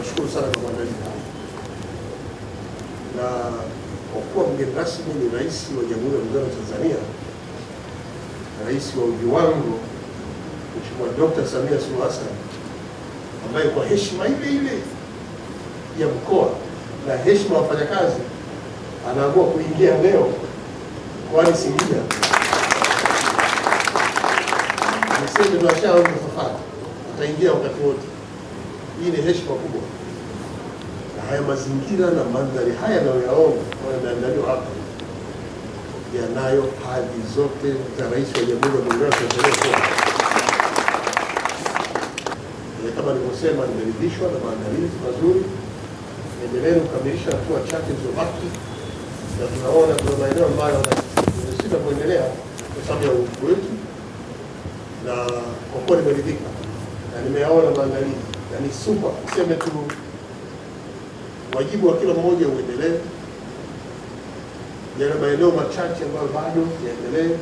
Tunashukuru sana kwa maandalizi haya, na kwa kuwa mgeni rasmi ni Rais wa Jamhuri ya Muungano wa Tanzania, Rais wa uji Mheshimiwa Dr. Samia Suluhu Hassan, ambaye kwa heshima ile ile ya mkoa na heshima ya wafanyakazi anaamua kuingia leo mkoani Singida. Niseme tunashaanza safari, ataingia wakati wote hii ni heshima kubwa, na haya mazingira na mandhari haya yanayoyaona yameandaliwa hapa yanayo hadhi zote za Rais wa Jamhuri ya Muungano wa Tanzania. Kama nilivyosema, nimeridhishwa na maandalizi mazuri, endelea kukamilisha hatua chache zilizobaki, na tunaona kuna maeneo ambayo tumeshinda kuendelea kwa sababu ya uuku wetu, na kwa kuwa nimeridhika na nimeyaona maandalizi yani super, useme tu wajibu wa kila mmoja uendelee, yale maeneo machache ambayo bado yaendelee.